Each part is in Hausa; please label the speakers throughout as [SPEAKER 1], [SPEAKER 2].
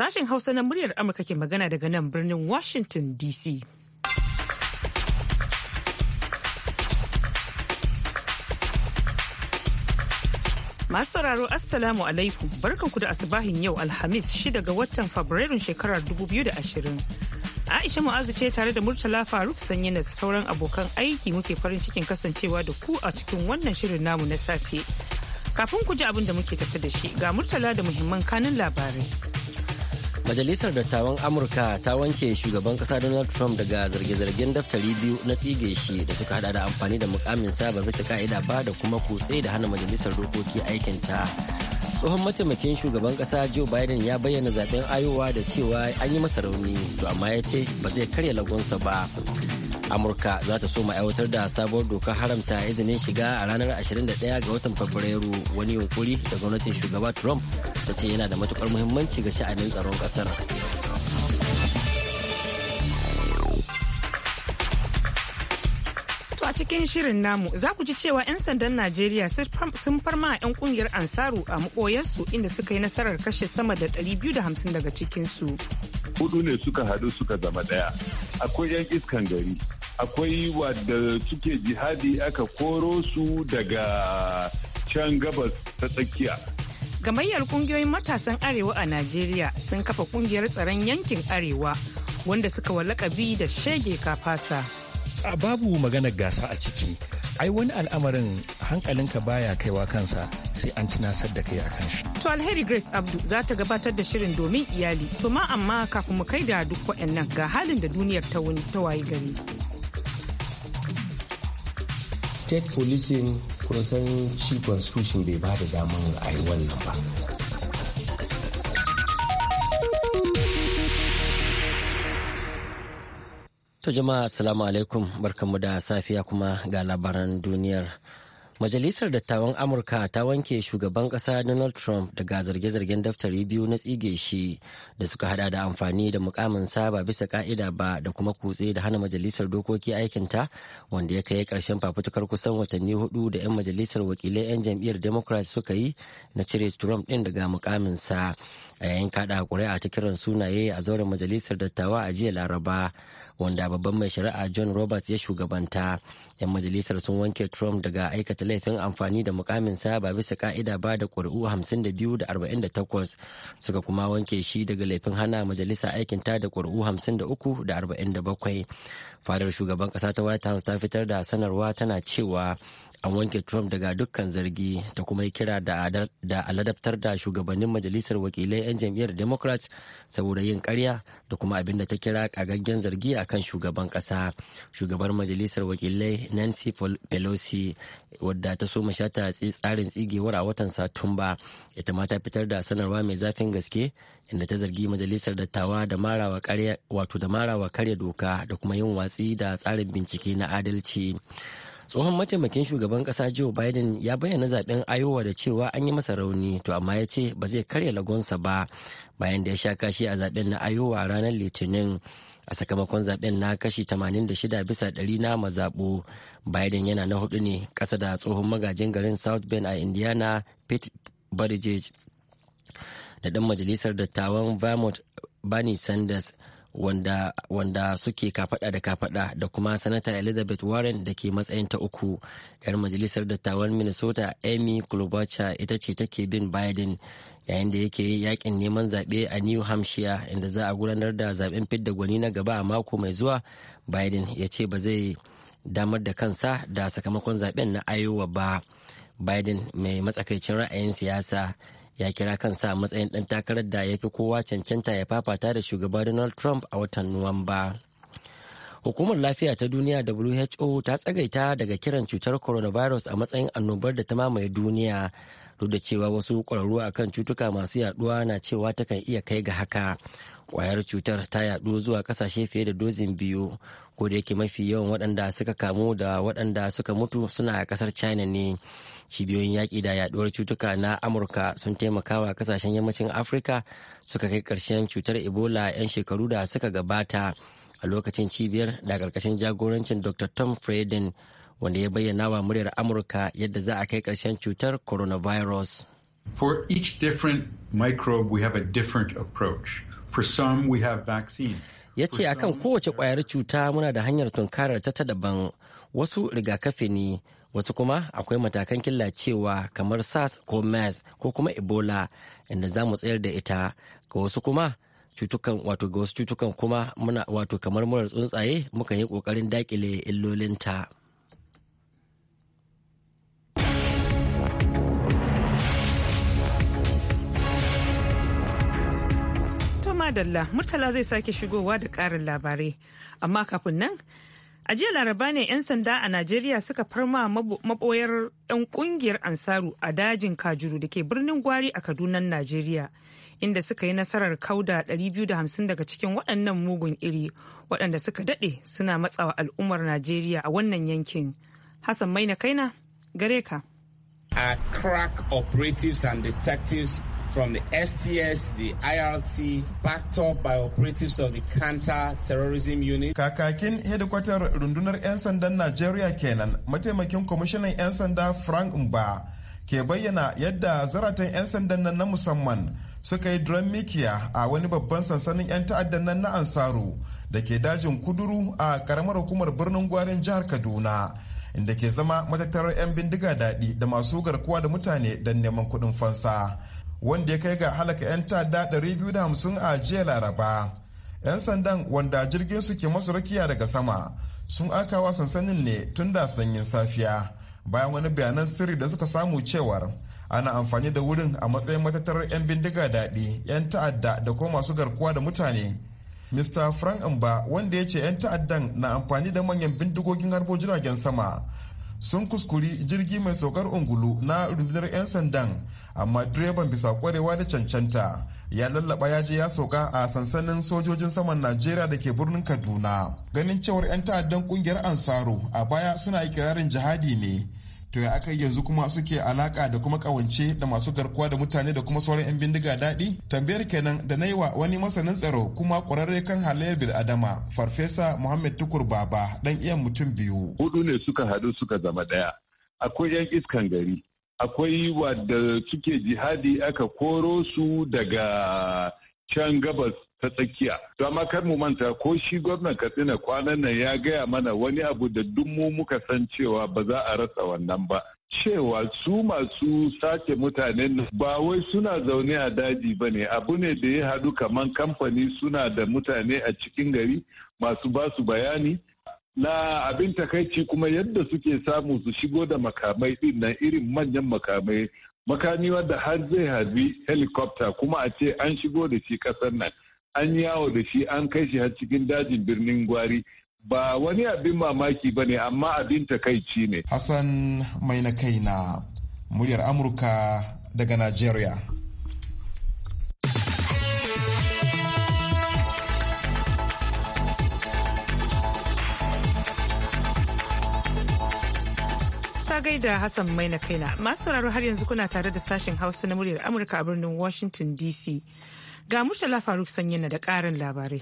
[SPEAKER 1] Sashen Hausa na muryar Amurka ke magana daga nan birnin Washington DC. Masu sauraro Assalamu alaikum barkanku da asubahin yau Alhamis 6 ga watan Fabrairun shekarar 2020. Aisha Mu'azu ce tare da Murtala Faruk sanye da sauran abokan aiki muke farin cikin kasancewa da ku a cikin wannan shirin namu na safe. Kafin ku ji abin da muke tafi da shi ga Murtala da muhimman kanin labarai.
[SPEAKER 2] Majalisar Dattawan Amurka ta wanke shugaban kasa Donald Trump daga zarge-zargen daftari biyu na tsige shi da suka hada da amfani da mukamin ba bisa ka'ida ba da kuma kutse da hana majalisar dokoki aikinta. Tsohon mataimakin shugaban kasa Joe Biden ya bayyana zaben Iowa da cewa an yi masa rauni, to amma ya ce ba zai karya lagonsa ba. amurka za ta so aiwatar da sabuwar dokar haramta izinin shiga a ranar 21 ga watan fabrairu wani yunkuri da gwamnatin shugaba trump ta ce yana da matukar muhimmanci ga sha'anin tsaron kasar
[SPEAKER 1] a cikin shirin namu za ku ji cewa 'yan sandan najeriya sun farma a 'yan kungiyar ansaru a maboyarsu inda suka yi nasarar kashe sama da 250 daga cikinsu.
[SPEAKER 3] hudu ne suka haɗu suka zama ɗaya akwai 'yan iskan gari akwai wadda suke jihadi aka koro su daga can gabas ta tsakiya
[SPEAKER 1] gamayyar kungiyoyin matasan arewa a najeriya sun kafa kungiyar tsaron yankin arewa wanda suka bi da shege kafasa
[SPEAKER 4] a babu maganar gasa a ciki ai wani al'amarin hankalinka baya kaiwa kansa sai an tunasar da kai a kan shi.
[SPEAKER 1] To alheri Grace Abdu za ta gabatar da shirin domin iyali. To ma amma kafin mu kai da duk waɗannan ga halin da duniyar ta wuni ta wayi gari.
[SPEAKER 5] State policing kusan cikon sushin bai ba da daman a yi wannan ba.
[SPEAKER 2] To jama'a assalamu alaikum barkanmu da safiya kuma ga labaran duniyar. Majalisar Dattawan Amurka ta wanke shugaban ƙasa Donald Trump daga zarge-zargen daftari biyu na tsige shi da suka hada da amfani da mukamin ba bisa ka'ida ba da kuma kutse da hana majalisar dokoki aikinta wanda ya kai ƙarshen fafutukar kusan watanni hudu da 'yan majalisar wakilai 'yan jam'iyyar Democrat suka yi na cire Trump ɗin daga mukamin sa a yayin kaɗa a ta kiran sunaye a zauren majalisar dattawa a jiya Laraba. wanda babban mai shari'a john roberts ya shugabanta yan majalisar sun wanke trump daga aikata laifin amfani da mukaminsa ba bisa ka'ida ba da kuri'u 52 da 48 suka kuma wanke shi daga laifin hana majalisa aikinta da kuri'u 53 da 47 fadar shugaban ƙasa ta white house ta fitar da sanarwa tana cewa an wanke trump daga dukkan zargi ta kuma yi kira da aladaftar da shugabannin majalisar wakilai 'yan jam'iyyar democrats saboda yin karya da kuma abin da ta kira kagaggen zargi a kan shugaban kasa shugabar majalisar wakilai nancy pelosi wadda ta so shata tsarin tsigewar a watan satumba ita ma ta fitar da sanarwa mai zafin gaske inda ta zargi majalisar dattawa da marawa karya wato da marawa karya doka da kuma yin watsi da tsarin bincike na adalci tsohon mataimakin shugaban kasa joe biden ya bayyana zaben iowa da cewa an yi masa rauni to amma ya ce ba zai karya lagonsa ba bayan da ya sha kashi a zaben na iowa ranar litinin a sakamakon zaben na kashi 86 bisa ɗari na mazaɓo biden yana na hudu ne ƙasa da tsohon magajin garin south bend a indiana pete buttigieg da ɗan majalisar dattawan vermont bernie sanders wanda, wanda suke kafada da kafada da kuma sanata elizabeth warren da ke matsayin ta uku yar majalisar dattawan minnesota amy klobuchar ita ce take bin biden yayin da yake yakin neman zaɓe a new hampshire inda za a gudanar da zaɓen fidda gwani na gaba a mako mai zuwa biden ya ce ba zai damar da kansa da sakamakon zaɓen na iowa ba biden mai matsakaicin ra'ayin siyasa ya kira kan sa matsayin ɗan takarar da ya fi kowa cancanta ya fafata da shugaba donald trump a watan nuwamba hukumar lafiya ta duniya who ta tsagaita daga kiran cutar coronavirus a matsayin annobar da ta mamaye duniya duk da cewa wasu ƙwararru kan cutuka masu yaduwa na cewa takan iya kai ga haka kwayar cutar ta yadu zuwa kasashe fiye da dozin biyu ko da yake mafi yawan waɗanda suka kamu da waɗanda suka mutu suna ƙasar china ne cibiyoyin yaƙi da yaduwar cutuka na amurka sun taimakawa kasashen yammacin afirka suka kai ƙarshen cutar ebola 'yan shekaru da suka gabata a lokacin cibiyar da ƙarƙashin jagorancin dr tom freden wanda ya bayyana wa muryar amurka yadda za a kai ƙarshen cutar coronavirus. For each different microbe, we have a different approach. For some Ya ce a kan kowace ƙwayar cuta muna da hanyar tunkarar ta ta daban wasu rigakafi ne wasu kuma akwai matakan killacewa kamar SARS ko MERS ko kuma Ebola inda za mu tsayar da ita ga wasu kuma cutukan wato ga wasu cutukan kuma muna wato kamar murar tsuntsaye muka yi ƙoƙarin daƙile illolinta.
[SPEAKER 1] dalla murtala zai sake shigowa da karin labarai amma kafin nan a jiya laraba ne 'yan sanda a najeriya suka farma maboyar ɗan ƙungiyar ansaru a dajin kajuru da ke birnin gwari a kadunan najeriya inda suka yi nasarar kauda 250 daga cikin waɗannan mugun iri waɗanda suka daɗe suna matsawa al'ummar najeriya a wannan yankin hassan maina kaina gare ka A crack
[SPEAKER 5] operatives and detectives from
[SPEAKER 6] the STS, the IRT, backed up by operatives of the counter-terrorism unit. Kakakin hedikwatar rundunar 'yan sandan Najeriya kenan, mataimakin kwamishinan 'yan sanda Frank Mba ke bayyana yadda zaratan 'yan sandan nan na musamman suka yi drum mikiya a wani babban sansanin 'yan ta'addan nan na Ansaru da ke dajin kuduru a karamar hukumar birnin gwarin jihar Kaduna. inda ke zama matattarar 'yan bindiga daɗi da masu garkuwa da mutane don neman kuɗin fansa wanda ya kai ga halaka 'yan ta'adda 250 a jiya laraba 'yan sandan wanda jirgin su ke masu rakiya daga sama sun akawa sansanin ne tun da sanyin safiya bayan wani bayanan sirri da suka samu cewar ana amfani da wurin a matsayin matattarar 'yan bindiga daɗi 'yan ta'adda da kuma masu garkuwa da mutane mr frank mba wanda ya ce 'yan ta'addan na amfani da manyan bindigogin harbo jiragen sama sun kuskuri jirgi mai saukar ungulu na rundunar 'yan sandan amma direban bisa kwarewa da cancanta ya lallaba ya je ya sauka a sansanin sojojin saman najeriya da ke birnin kaduna ganin cewar 'yan ta'addan kungiyar ansaro a baya suna ikirarin jihadi ne to ya aka yanzu kuma suke alaka da kuma kawance da masu garkuwa da mutane da kuma sauran 'yan bindiga daɗi tambayar kenan da na yi wa wani masanin tsaro kuma ƙwararre kan halayyar adama farfesa muhammad tukur baba dan iyan mutum biyu
[SPEAKER 3] hudu ne suka haɗu suka zama ɗaya akwai 'yan iskan gari akwai wadda suke jihadi aka koro su daga can gabas ta tsakiya. To amma kar mu manta ko shi gwamnan Katsina kwanan nan ya gaya mana wani abu da duk mu muka san cewa ba za a rasa wannan ba. cewa su masu sake mutanen nan. ba wai suna zaune a daji ba ne abu ne da ya haɗu kamar kamfani suna da mutane a cikin gari masu ba su bayani na abin takaici kuma yadda suke samu su shigo da makamai ɗin na irin manyan makamai makami wadda har zai harbi helikopta kuma a ce an shigo da shi ƙasar nan an yawo da shi an kai shi har cikin dajin birnin gwari ba wani abin mamaki ba ne amma abin takaici ne. Hassan
[SPEAKER 6] mai na kai na muryar Amurka daga Najeriya.
[SPEAKER 1] gaida Hassan mai na kaina masu sauraro har yanzu kuna tare da sashen hausa na muryar Amurka a birnin Washington DC. Ga Murtala Faruk Sanyina da ƙarin labarai.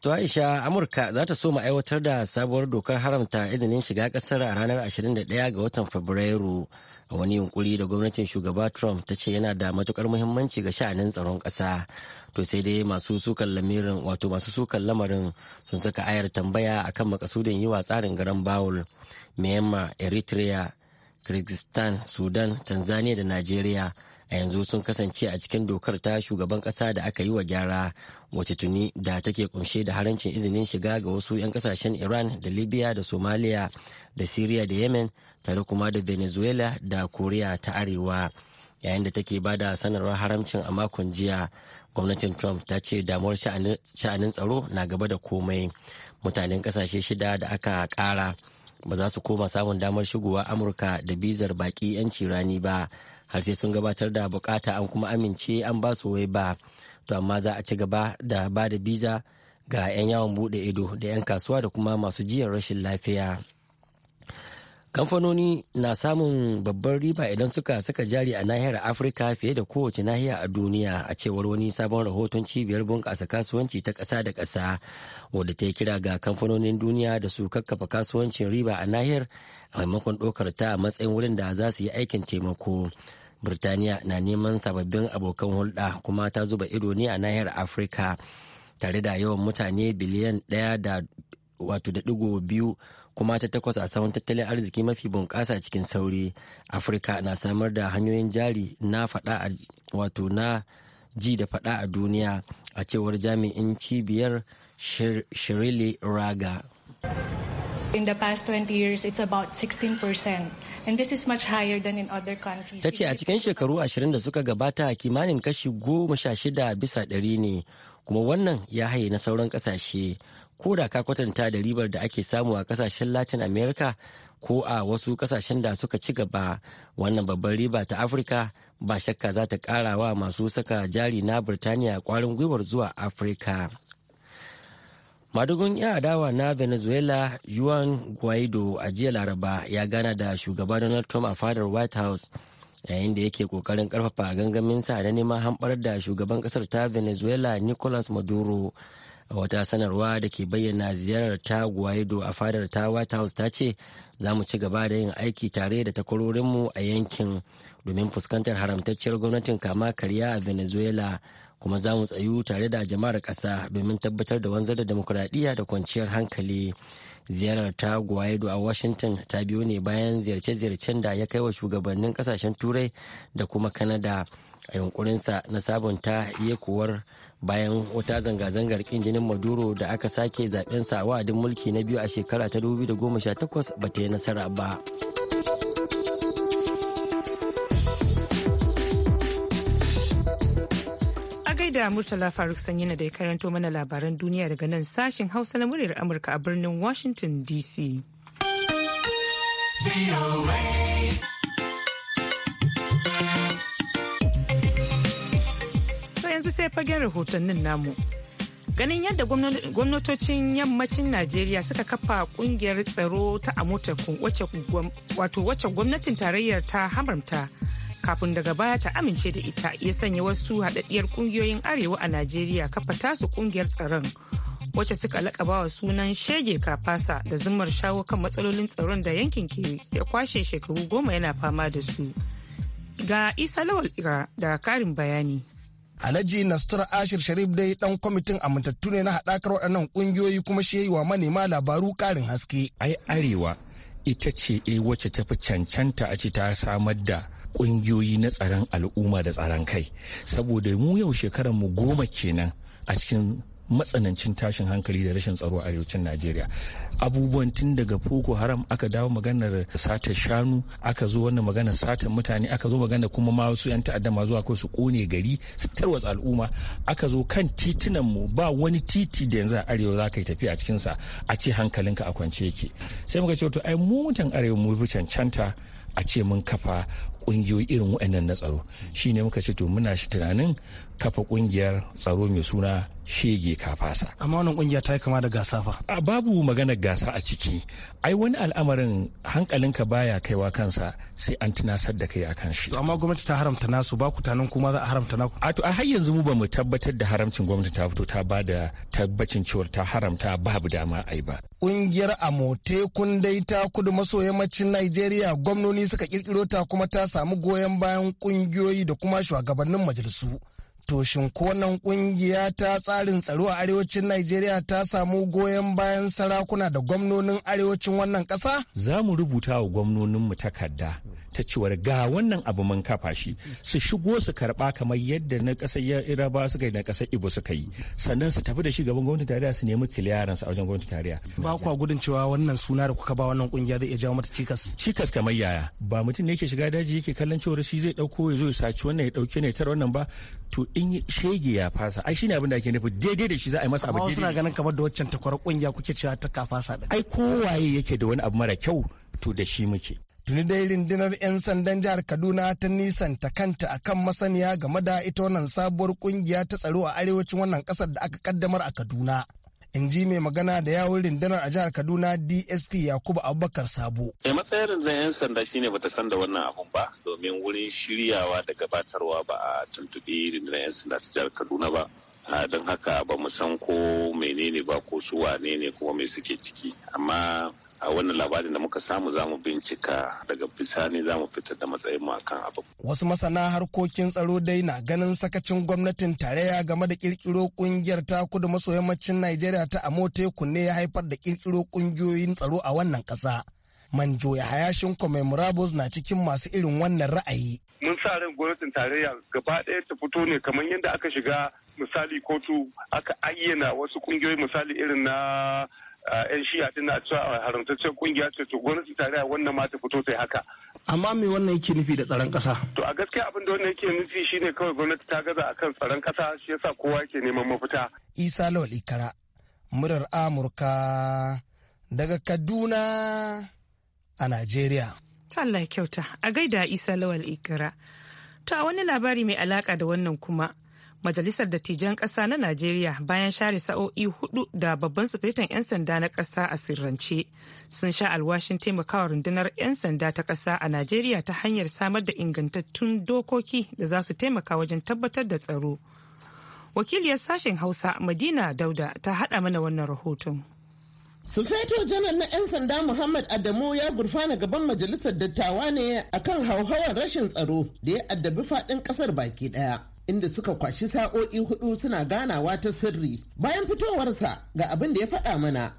[SPEAKER 2] To Aisha Amurka za ta so mu aiwatar da sabuwar dokar haramta izinin shiga kasar a ranar 21 ga watan Fabrairu a wani yunkuri da gwamnatin shugaba Trump ta ce yana da matukar muhimmanci ga sha'anin tsaron kasa. To sai dai masu sukan lamirin wato masu sukan lamarin sun saka ayar tambaya akan makasudin yi wa tsarin garan Bawul, Myanmar, Eritrea, kyrgyzstan sudan tanzania da najeriya a yanzu sun kasance a cikin dokar ta shugaban kasa da aka yi wa gyara wacce tuni da take kumshe da harancin izinin shiga ga wasu 'yan kasashen iran da libya da somalia da syria da yemen tare kuma da venezuela da korea ta arewa yayin da take ba da sanarwar haramcin a makon jiya gwamnatin trump ta ce damuwar sha'anin tsaro na gaba da komai mutanen kasashe shida da aka kara ba za su koma samun damar shigowa amurka da bizar baki 'yanci rani ba har sai sun gabatar da bukata an kuma amince an ba su wai ba to amma za a ci gaba da ba da biza ga 'yan yawon bude ido da 'yan kasuwa da kuma masu jiyan rashin lafiya. kamfanoni na samun babbar riba idan suka saka jari a nahiyar afirka fiye da kowace nahiya a duniya a cewar wani sabon rahoton cibiyar bunƙasa kasuwanci ta ƙasa da ƙasa wadda ta kira ga kamfanonin duniya da su kakkafa kasuwancin riba a nahiyar a maimakon ɗaukar ta a matsayin wurin da za su yi aikin taimako birtaniya na neman sababbin abokan hulɗa kuma ta zuba ido ne a nahiyar afirka tare da yawan mutane biliyan ɗaya da wato da ɗigo biyu kuma ta takwas a sahun tattalin arziki mafi bunƙasa cikin sauri afirka na samar da hanyoyin jari na a wato na ji da faɗa a duniya a cewar jami'in cibiyar shirili raga
[SPEAKER 7] In the past 20 years, it's about 16 and this in other countries. Ta
[SPEAKER 2] ce a cikin shekaru ashirin da suka gabata kimanin kashi goma sha shida bisa ɗari ne, kuma wannan ya haye na sauran ƙasashe ko da ka kwatanta da ribar da ake samu a kasashen latin america ko a wasu kasashen da suka ci gaba wannan babban riba ta afirka ba shakka za ta kara wa masu saka jari na birtaniya kwarin gwiwar zuwa afirka madugun yan adawa na venezuela juan guaido a jiya laraba ya gana da shugaba donald trump a fadar white house yayin da yake kokarin karfafa gangaminsa na neman hamɓar da shugaban kasar ta venezuela nicolas maduro a wata sanarwa da ke bayyana ziyarar ta guaido a fadar ta white house ta ce za mu ci gaba da yin aiki tare da takwarorinmu a yankin domin fuskantar haramtacciyar gwamnatin kama karya a venezuela kuma za mu tsayu tare da jama'ar ƙasa domin tabbatar da wanzar da demokuraɗiyya da kwanciyar hankali ziyarar ta guaido a washington ta biyo ne bayan ziyarce-ziyarcen da ya kai wa shugabannin ƙasashen turai da kuma kanada a yunkurinsa na sabunta yekuwar bayan wata zanga-zangar kin jinin maduro da aka sake zaben sa wa'adin mulki na biyu a shekara ta 2018 ba ta yi nasara ba
[SPEAKER 1] a murtala faruk sanyi na da ya karanto mana labaran duniya daga nan sashen hausa na muryar amurka a birnin washington dc sai fagen rahotannin namu. Ganin yadda gwamnatocin yammacin Najeriya suka kafa kungiyar tsaro ta Amotaku wacce gwamnatin tarayyar ta haramta kafin daga baya ta amince da ita ya sanya wasu haɗaɗɗiyar kungiyoyin arewa a Najeriya kafa tasu kungiyar tsaron. wacce suka lakaba wa sunan shege kafasa da zumar shawo kan matsalolin tsaron da yankin ke ya kwashe shekaru goma yana fama da su ga isa lawal ira da karin bayani
[SPEAKER 8] Alhaji Nastura Ashir Sharif dai dan kwamitin amintattu ne na haɗakar waɗannan ƙungiyoyi kuma shi yi wa manema labaru ƙarin haske.
[SPEAKER 4] Ai arewa ita ce e wacce ta fi cancanta a ce ta samar da ƙungiyoyi na tsaron al'umma da tsaron kai saboda mu yau shekarar mu goma kenan a cikin matsanancin tashin hankali da rashin tsaro a arewacin najeriya abubuwan tun daga boko haram aka dawo maganar sata shanu aka zo wannan maganar sata mutane aka zo maganar kuma ma wasu yan ta'adda ma zuwa kai su kone gari su tarwatsa al'umma aka zo kan titunan mu ba wani titi da yanzu a arewa za ka yi tafiya a cikin sa a ce hankalinka a kwance yake sai muka ce to ai mu mutan arewa mu bi cancanta a ce mun kafa ƙungiyoyi irin waɗannan na tsaro shi ne muka ce to muna shi tunanin kafa kungiyar tsaro mai suna shege kafasa.
[SPEAKER 8] Amma wannan kungiya ta yi kama da gasa fa.
[SPEAKER 4] babu maganar gasa a ciki. Ai wani al'amarin hankalinka baya kaiwa kansa sai an tunasar da kai akan shi. Amma gwamnati ta haramta nasu ba ku tanan kuma za a haramta naku. A to a har yanzu mu ba mu tabbatar da haramcin gwamnati ta fito ta ba da tabbacin cewar ta haramta babu dama ai ba.
[SPEAKER 8] Kungiyar Amote Kundai ta kudu maso yammacin Najeriya gwamnoni suka kirkiro ta kuma ta samu goyon bayan kungiyoyi da kuma shugabannin majalisu. To shin konan kungiya ta tsarin tsaro a arewacin Najeriya ta samu goyon bayan sarakuna da gwamnonin arewacin wannan ƙasa?
[SPEAKER 4] Za mu rubuta wa mu takarda ta cewar ga wannan abu mun kafa shi su shigo su karba kamar yadda na ƙasar Iraba suka yi na ƙasar Ibo suka yi sannan su tafi da shi gaban gwamnatin tarayya su nemi kiliyaransu a wajen gwamnatin tarayya. Ba kwa gudun cewa wannan suna da kuka ba wannan kungiya zai iya jawo mata cikas. Cikas kamar yaya ba mutum ne yake shiga daji yake kallon cewar shi zai ɗauko ya zo ya saci wannan ya ɗauke ne tar wannan ba to in shege ya fasa ai shine abin da ake nufi daidai da shi za a yi masa abu daidai suna ganin kamar da waccan takwar kungiya kuke
[SPEAKER 8] cewa ta ka fasa da ai kowaye yake da wani abu mara kyau to da shi muke tuni dai rundunar 'yan sandan jihar kaduna ta nisanta kanta akan masaniya game da ita wannan sabuwar kungiya ta tsaro a arewacin wannan kasar da aka kaddamar a kaduna in ji mai magana da yawun Rindunar a jihar kaduna dsp yakubu abubakar sabo
[SPEAKER 6] a matsayin rundunar 'yan sanda shine
[SPEAKER 4] bata san da wannan abun ba domin wurin shiryawa da gabatarwa ba a tuntuɓi rundunar 'yan sanda ta jihar kaduna ba don haka ba mu san ko menene ba ko su wane ne kuma mai suke ciki amma a wannan labarin da muka samu za mu bincika daga bisani za mu fitar da matsayin mu akan abu.
[SPEAKER 8] Wasu masana harkokin tsaro dai na ganin sakacin gwamnatin tarayya game da kirkiro kungiyar ta kudu maso yammacin Najeriya ta Amote kunne ya haifar da kirkiro kungiyoyin tsaro a wannan ƙasa. manjo ya hayashin commemorables na cikin masu irin wannan ra'ayi
[SPEAKER 3] mun sa ran gwamnatin tarayya gaba ɗaya ta fito ne kamar yadda aka shiga misali kotu aka ayyana wasu kungiyoyi misali irin na yan shiya din na cewa haramtaccen kungiya ce to gwamnatin tarayya wannan ma ta fito sai haka
[SPEAKER 8] amma me wannan yake nufi da tsaron ƙasa?
[SPEAKER 3] to a gaskiya abin da wannan yake nufi shine kawai gwamnati ta gaza akan tsaron ƙasa, shi yasa kowa yake neman mafita
[SPEAKER 8] isa lawal ikara murar amurka
[SPEAKER 1] daga kaduna a Najeriya. Allah kyauta a gaida Isa Lawal Ikira. To a wani labari mai alaka da wannan kuma Majalisar Dattijan Ƙasa na Najeriya bayan share sa'o'i hudu da babban sufetan 'yan sanda na ƙasa a sirrance sun sha alwashin taimakawa rundunar 'yan sanda ta ƙasa a Najeriya ta hanyar samar da ingantattun dokoki da za su taimaka wajen tabbatar da tsaro. Wakiliyar sashen Hausa Madina Dauda ta haɗa mana wannan rahoton.
[SPEAKER 9] Sufeto janar na 'yan sanda Muhammad Adamu ya gurfana gaban majalisar dattawa ne akan hauhawar rashin tsaro da ya addabi faɗin ƙasar baki ɗaya. inda suka kwashi sa'o'i hudu suna ganawa ta sirri. Bayan fitowarsa ga abin da ya faɗa mana.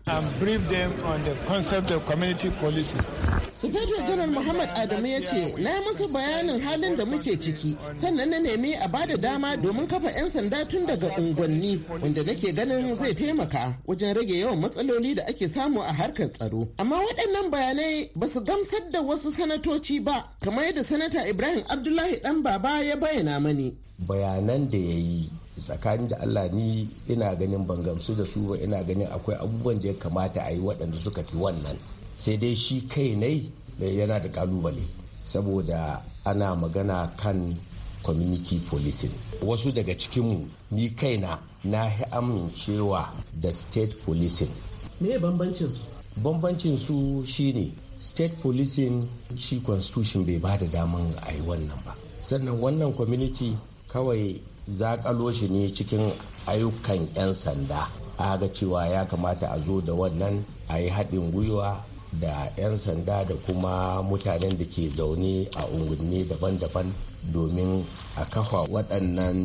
[SPEAKER 9] Sufeto Janar Muhammad Adamu ya ce, na yi musu bayanin halin da muke ciki, sannan na nemi a ba da dama domin kafa 'yan sanda tun daga unguwanni, wanda nake ganin zai taimaka wajen rage yawan matsaloli da ake samu a harkar tsaro. Amma waɗannan bayanai ba su gamsar da wasu sanatoci ba, kamar yadda sanata Ibrahim Abdullahi ɗan baba ya bayyana mani.
[SPEAKER 5] bayanan da ya yi tsakanin da allah ni ina ganin ban gamsu da su ba ina ganin akwai abubuwan da ya kamata a yi waɗanda suka fi wannan sai dai shi kai nai eh, yana da kalubale saboda ana magana kan community policing wasu daga cikinmu ni kaina na yi amincewa da state policing me bambancin su bambancin su shine state policing shi constitution bai ba da daman a yi wannan ba sannan wannan community kawai zakalo shi ne cikin ayyukan 'yan sanda a ga cewa ya kamata a zo da wannan a yi haɗin gwiwa da 'yan sanda da kuma mutanen da ke zaune a unguwanni daban-daban domin a kafa waɗannan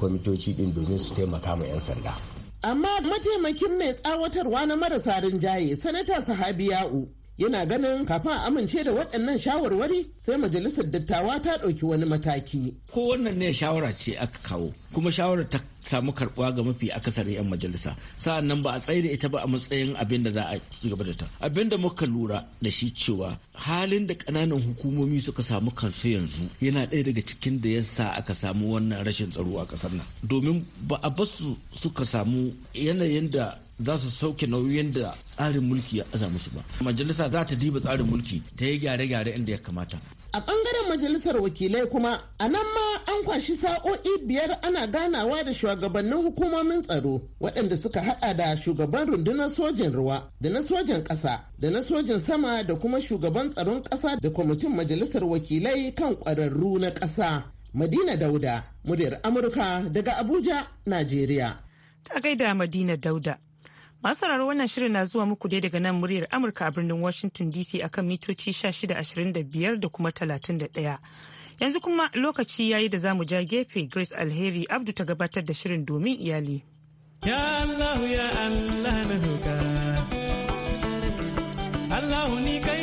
[SPEAKER 5] kwamitoci ɗin domin su taimaka ma 'yan sanda.
[SPEAKER 9] Amma mataimakin mai tsawatarwa na marasa rinjaye, Sanata Sahabi Ya'u, yana ganin kafin amince da waɗannan shawarwari sai majalisar dattawa ta ɗauki wani mataki.
[SPEAKER 5] ko wannan ne shawara ce aka kawo kuma shawarar ta samu karɓuwa ga mafi akasarin 'yan majalisa sa'an nan ba a tsaye da ita ba a matsayin abin da za a ci gaba da ta abin da muka lura da shi cewa halin da ƙananan hukumomi suka samu kansu yanzu yana ɗaya daga cikin da ya sa aka samu wannan rashin tsaro a ƙasar nan domin ba a basu suka samu yanayin da za su sauke nauyin da tsarin mulki ya aza musu ba majalisa za ta diba tsarin mulki ta yi gyare-gyare inda ya kamata
[SPEAKER 9] a bangaren majalisar wakilai kuma a nan ma an kwashi sa'o'i biyar ana ganawa da shugabannin hukumomin tsaro waɗanda suka haɗa da shugaban rundunar sojin ruwa da na sojin ƙasa da na sojin sama da kuma shugaban tsaron ƙasa da kwamitin majalisar wakilai kan ƙwararru na ƙasa madina dauda muryar amurka daga abuja najeriya
[SPEAKER 1] ta madina dauda Masu sauraro wannan shirin na zuwa muku dai daga nan muryar Amurka a birnin Washington DC akan mitoci 1625 da kuma 31. Yanzu kuma lokaci yayi da za mu ja gefe Grace Alheri Abdu ta gabatar da shirin domin iyali. Ya Allah ya Allah na Allah ni kai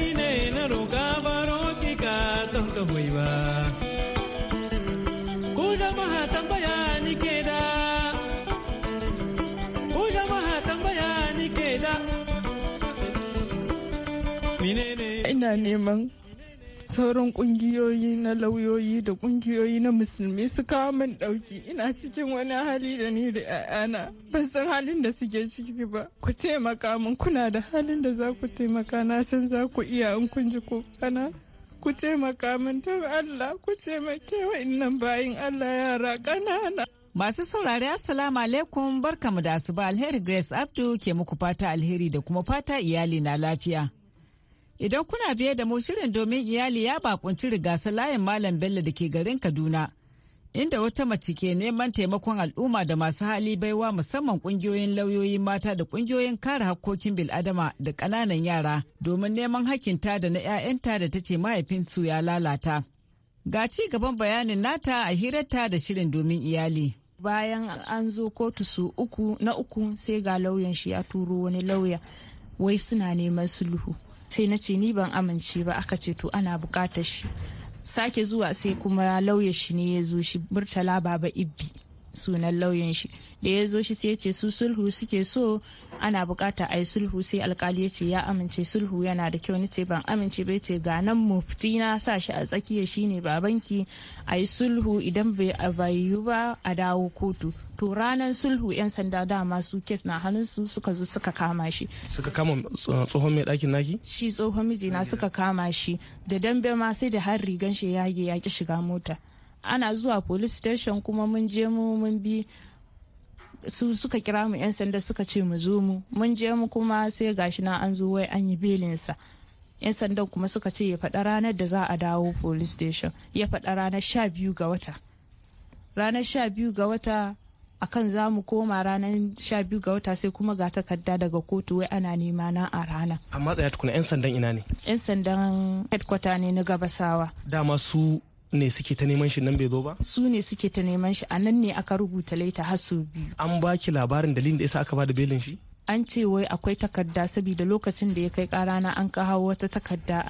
[SPEAKER 10] ana neman sauran kungiyoyi na lauyoyi da kungiyoyi na musulmi su kawo min dauki ina cikin wani hali da ni da 'ya'yana ban san halin da suke ciki ba ku taimaka min kuna da halin da za ku taimaka na san za ku iya in kun ji kokana
[SPEAKER 11] ku taimaka min don Allah ku taimake wa innan bayin Allah yara kanana Masu saurari Assalamu alaikum barkamu da asuba alheri Grace Abdu ke muku fata alheri da kuma fata iyali na lafiya. Idan kuna biye da mu shirin domin iyali ya bakunci rigasa layin Malam Bello da ke garin Kaduna, inda wata mace ke neman taimakon al'umma da masu hali baiwa musamman kungiyoyin lauyoyin mata da kungiyoyin kare hakkokin bil'adama da kananan yara domin neman hakinta da na 'ya'yanta da ta ce mahaifinsu ya lalata. Ga ci gaban bayanin nata a hirarta da shirin domin iyali. Bayan an zo kotu su uku na uku sai ga lauyan shi ya turo wani
[SPEAKER 7] lauya wai suna neman sulhu. sai na ce ni ban amince ba aka ce to ana bukatar shi sake zuwa sai kuma lauya shi ne ya zo shi murtala baba ibbi sunan lauyan shi da ya zo shi sai ya ce su sulhu suke so ana bukata a yi sulhu sai alkali ya ce ya amince sulhu yana da kyau nace ban amince bai ce ga nan mufti na sa shi a tsakiya shine babanki a yi sulhu idan bai bayu ba a dawo kotu to ranar sulhu 'yan sanda dama su kes na hannunsu suka zo suka kama shi
[SPEAKER 12] suka kama tsohon mai dakin naki
[SPEAKER 7] shi tsohon mijina suka kama shi da dambe ma sai da har rigan shi ya ya ki shiga mota ana zuwa police station kuma mun je mu mun bi su suka kira mu 'yan sanda suka ce mu zo mu mun je mu kuma sai gashi na an zo wai an yi belinsa 'yan sandan kuma suka ce ya faɗa ranar da za a dawo police station ya faɗa ranar sha biyu ga wata ranar sha biyu ga wata akan za mu koma ranar sha biyu ga wata sai kuma ga takarda daga kotu wai ana nema na a rana
[SPEAKER 12] amma tsaya tukuna 'yan sandan ina ne
[SPEAKER 7] 'yan sandan headquarter ne na
[SPEAKER 12] gabasawa dama su ne suke ta neman shi nan bai zo ba
[SPEAKER 7] su ne suke ta neman shi a nan ne aka rubuta laita har biyu
[SPEAKER 12] an baki labarin dalilin da yasa aka ba da belin shi
[SPEAKER 7] an ce wai akwai takarda saboda lokacin da ya kai kara na an kawo wata takarda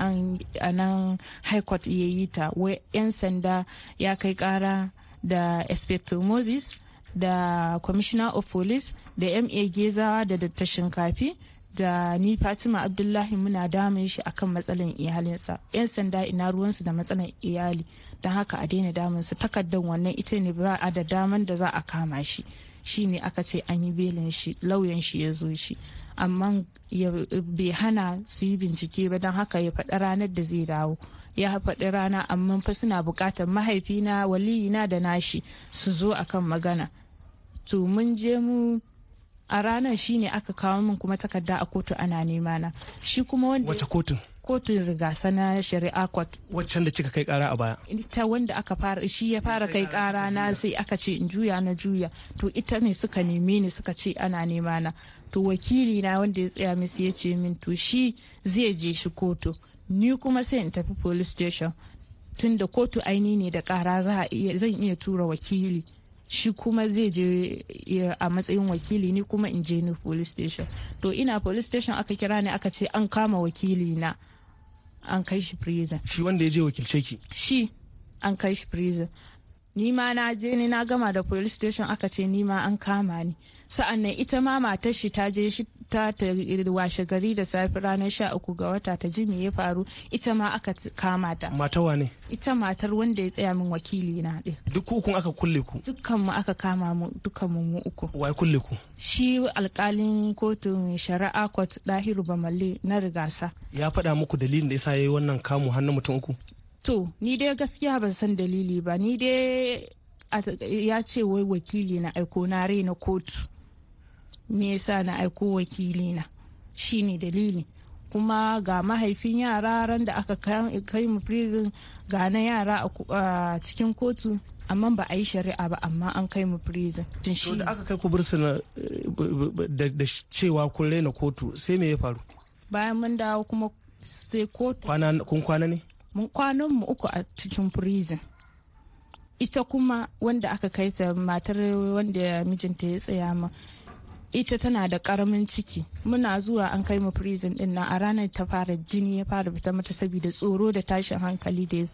[SPEAKER 7] a nan high court ya yi ta wai 'yan sanda ya kai kara da inspector moses da commissioner of police da ma gezawa da dattashin kafi da ni fatima abdullahi muna damun shi akan matsalan iyalinsa yan sanda ina ruwansu da matsalan iyali don haka a daina damun su takardar wannan ita ne ba a da daman da za a kama shi shi ne aka ce an yi belin shi lauyan shi ya zo shi amma bai hana su yi bincike ba don haka ya faɗa ranar da zai dawo ya faɗi rana amma fa suna buƙatar mahaifina waliyina da nashi su zo akan magana to mun je mu a ranar shi ne aka kawo min kuma takarda a kotu ana nema na shi kuma wanda wace kotun kotun rigasa na shari'a court
[SPEAKER 12] waccan da kika kai kara a baya
[SPEAKER 7] ita wanda aka fara shi ya fara kai kara na sai aka ce in juya na juya to ita ne suka neme ni suka ce ana nema na to wakili na wanda ya tsaya musu ya ce min to shi zai je shi kotu ni kuma sai in tafi police station tunda kotu aini ne da kara zan iya tura wakili shi kuma zai je a matsayin wakili ni kuma in je ni police station to ina police station aka kira ni aka ce an kama wakili na an kai shi prison
[SPEAKER 12] shi wanda ya je wakilce ki
[SPEAKER 7] shi an kai shi prison ni ma na je ni na gama da police station aka ce ni ma an kama ni sa'annan ita ma matar shi ta je shi ta ta washe gari da safi ranar sha uku ga wata ta ji me ya faru ita ma aka kama ta matar wane ita matar wanda ya tsaya min wakili na din
[SPEAKER 12] duk ukun aka kulle ku dukkan mu aka
[SPEAKER 7] kama mu dukkan mu uku wai kulle ku shi alkalin kotun shari'a court dahiru bamalle na rigasa
[SPEAKER 12] ya faɗa muku dalilin da yasa yayi wannan kamu hannun mutum uku
[SPEAKER 7] to ni dai gaskiya ban san dalili ba ni dai ya ce wai wakili na aiko na na kotu me yasa na aiko wakili na shine dalili kuma ga mahaifin yara ran da aka kai mu prison ga na yara a cikin kotu amma ba a yi shari'a ba amma an kai mu prison to da aka
[SPEAKER 12] kai ku bursuna eh, da cewa kun raina kotu sai me ya faru
[SPEAKER 7] bayan mun dawo kuma sai kotu kun kwana ne mun kwanan mu uku a cikin prison ita kuma wanda aka kai ta matar wanda mijinta ya tsaya ma ita tana da karamin ciki muna zuwa an kai mu prison din nan a ranar ta fara jini ya fara fita mata saboda tsoro da tashin hankali da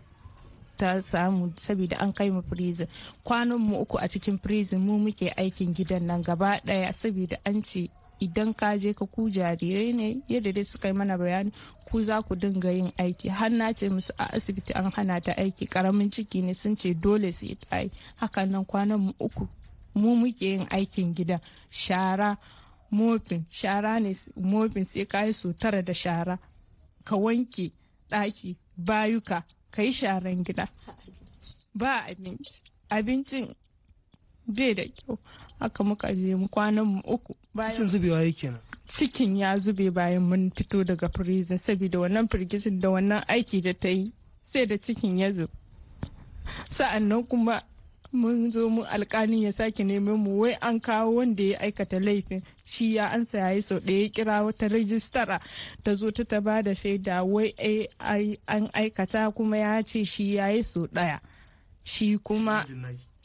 [SPEAKER 7] ta samu saboda an kai mu prison kwanan mu uku a cikin prison mu muke aikin gidan nan gaba daya saboda an ce idan ka je ka ku jarirai ne yadda dai suka yi mana bayani ku za ku dinga yin aiki har na ce musu a asibiti an hana ta aiki karamin ciki ne sun ce dole su yi ta hakan nan kwanan mu uku mu muke yin aikin gida shara mofin shara ne mofin sai ka yi su tara da shara ka wanke ɗaki bayuka ka yi sharan gida ba abinci abincin bai da kyau haka muka je mu kwanan mu uku cikin
[SPEAKER 12] zubewa yake nan
[SPEAKER 7] cikin ya zube bayan mun fito daga prison saboda wannan firgicin da wannan aiki da ta yi
[SPEAKER 10] sai da cikin ya zube sa'annan kuma mun zo mu alkalin ya sake neman mu wai an kawo wanda ya aikata laifin shi ya ansa yayi sau da ya kira wata
[SPEAKER 7] rajistara ta zo ta ta bada shaida wai eh, an aikata kuma ya ce shi yayi sau daya shi kuma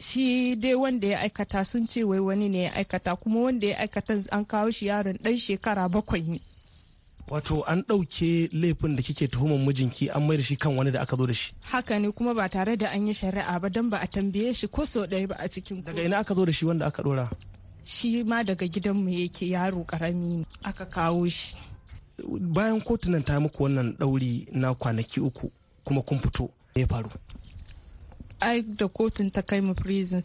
[SPEAKER 7] shi dai wanda ya aikata sun ce wai wani ne ya aikata kuma wanda ya aikata an kawo shi yaron dan shekara bakwai ne
[SPEAKER 12] wato an ɗauke laifin da kike tuhumar mijinki an mai da shi kan wani da aka zo da shi
[SPEAKER 7] haka ne kuma ba tare da an yi shari'a ba dan ba a tambaye shi ko sau ɗaya ba a cikin daga
[SPEAKER 12] ina aka zo da shi wanda aka ɗora
[SPEAKER 7] shi ma daga gidanmu yake yaro karami ne aka kawo
[SPEAKER 12] shi bayan kotunan ta muku wannan ɗauri na kwanaki uku kuma kun fito ya faru
[SPEAKER 7] ai da kotun ta kai mu prison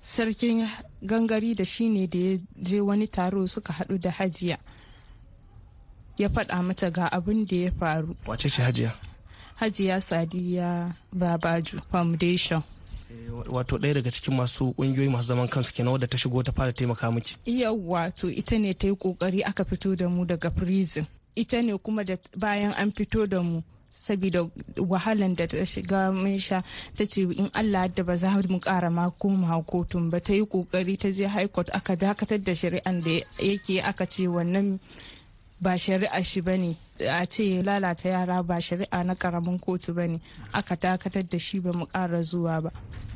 [SPEAKER 7] sarkin gangari da shi ne da ya je wani taro suka haɗu da hajiya ya faɗa mata ga abin da ya faru
[SPEAKER 12] wace ce hajiya
[SPEAKER 7] hajiya sadiya babaju foundation
[SPEAKER 12] eh, wato ɗaya daga cikin masu ƙungiyoyi masu zaman kansu kenan wadda ta shigo ta fara taimaka miki
[SPEAKER 7] iya wato ita ne ta yi ƙoƙari aka fito da mu daga prison ita ne kuma da bayan an fito da mu saboda wahalan da ta shiga mun sha ta ce in Allah da ba za mu kara ma koma kotun ba ta yi kokari ta je high court aka dakatar da shari'an da yake aka ce wannan ba shari'a shi ba ne a ce lalata yara ba shari'a na karamin kotu ba ne aka dakatar da shi ba mu kara zuwa ba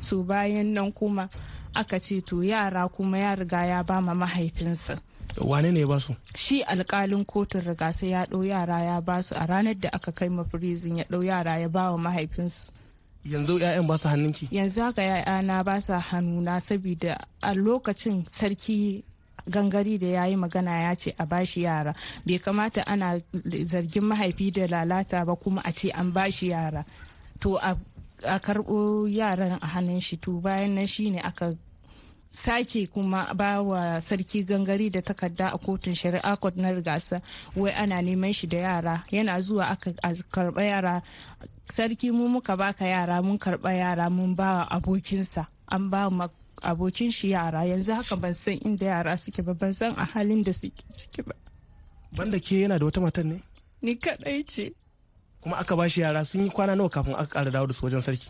[SPEAKER 7] to bayan nan kuma aka ce to yara kuma ya riga ya ba ma mahaifinsa
[SPEAKER 12] wane ne ya su.
[SPEAKER 7] shi alkalin kotun rigasa ya ɗau yara ya basu a ranar da aka kai ma firizin ya ɗau yara ya bawa
[SPEAKER 12] mahaifinsu yanzu 'ya'yan ba su hannunki
[SPEAKER 7] yanzu haka 'ya'yana ba su hannuna saboda a lokacin sarki gangari da ya yi magana ya ce a bashi yara bai kamata ana zargin mahaifi da lalata ba kuma a ce an bashi yara to a karɓo yaran a hannun shi to bayan nan ne aka sake kuma ba wa sarki gangari da takarda a kotun shari'a kot na rigasa wai ana neman shi da yara yana zuwa aka karba yara sarki mu muka baka yara mun karba yara mun ba wa abokinsa an ba abokin shi yara yanzu haka ban san inda yara suke ba ban san a halin da suke ciki ba
[SPEAKER 12] banda ke yana da wata matan ne ni kadai ce kuma aka ba shi yara sun yi kwana nawa kafin aka kara dawo da su wajen sarki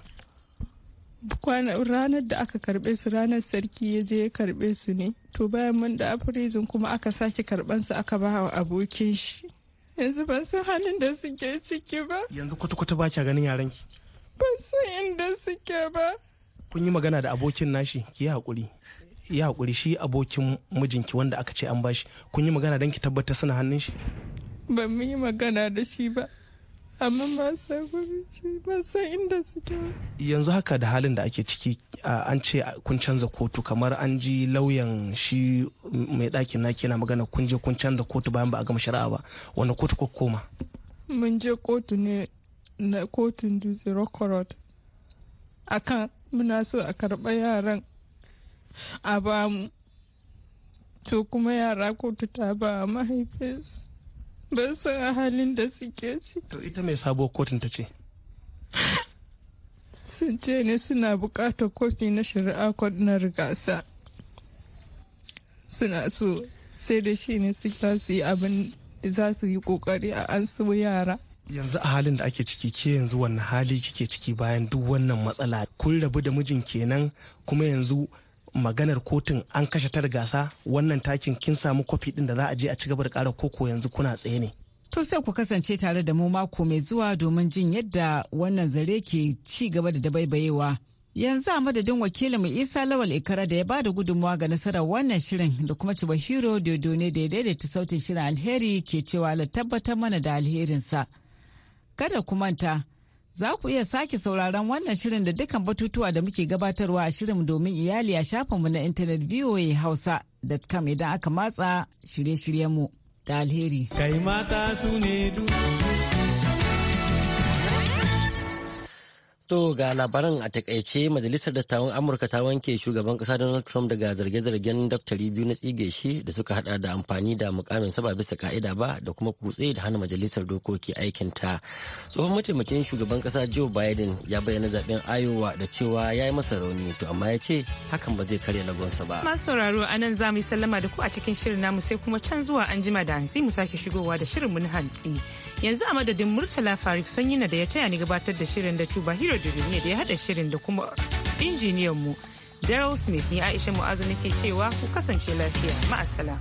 [SPEAKER 10] ranar da aka karbe su ranar sarki ya je ya karbe su ne to bayan mun da afirizin kuma aka sake karban su aka ba wa abokin
[SPEAKER 12] shi yanzu ban san halin da suke ciki ba yanzu kwata-kwata ba kya ganin yaran ki ban san inda suke ba kun yi magana da abokin nashi ki yi hakuri ya hakuri shi abokin mijinki wanda aka ce an bashi kun yi magana don ki tabbatar suna hannun shi
[SPEAKER 10] ban yi magana da shi ba amma ba san shi ba san inda suke
[SPEAKER 12] yanzu haka da halin da ake ciki an ce kun canza kotu kamar an ji lauyan shi mai ɗakin naki yana magana kun je kun canza kotu bayan ba a gama shari'a ba wani kotu ko koma
[SPEAKER 10] mun je kotu ne na kotun dutse a akan muna so a karɓa yaran a bamu to kuma yara kotu ta ba mahaifinsu ban san a halin da suke ci.
[SPEAKER 12] To ita mai sabuwar kotun ta ce?
[SPEAKER 10] Sun ce ne suna buƙatar kofi na shari'a na rigasa. Suna so sai da shi ne su yi abin za su yi ƙoƙari a an su yara.
[SPEAKER 12] Yanzu a halin da ake ciki ke yanzu wannan hali kike ciki bayan duk wannan matsala kun rabu da mijin kenan kuma yanzu maganar kotun an kashe tar gasa wannan takin kin samu kwafi din da za a je a ci gaba da ƙara koko yanzu kuna tsaye ne.
[SPEAKER 11] To sai ku kasance tare da mu mako mai zuwa domin jin yadda wannan zare ke ci gaba da dabaibayewa. Yanzu a madadin wakilin Isa Lawal Ikara da ya ba da gudunmawa ga nasarar wannan shirin da kuma Ciba Hero ne da ya daidaita sautin shirin alheri ke cewa la tabbatar mana da alherinsa. Kada ku manta. Za ku iya sake sauraron wannan shirin da dukkan batutuwa da muke gabatarwa a shirin domin iyali a shafinmu na intanet voahausa.com idan aka matsa shirye-shiryenmu da alheri.
[SPEAKER 2] Kai su ne duk. To ga labaran a takaice majalisar dattawan Amurka ta wanke shugaban kasa Donald Trump daga zarge-zargen daftari biyu na tsige shi da suka hada da amfani da mukamin ba bisa ka'ida ba da kuma kutse da hana majalisar dokoki aikin ta. Tsohon mataimakin shugaban kasa Joe Biden ya bayyana zaben Iowa da cewa ya yi masa rauni to amma ya ce hakan ba zai karya lagonsa ba. Masu
[SPEAKER 1] sauraro a nan za mu yi sallama da ku a cikin shirin namu sai kuma can zuwa an jima da hantsi mu sake shigowa da shirin mun na hantsi. yanzu a madadin murtala faruk sanyi da ya taya ni gabatar da shirin da cuba hiro ne da ya hada shirin da kuma injiniyan mu daryl smith ne aisha mu'azu ke cewa ku kasance lafiya ma'asala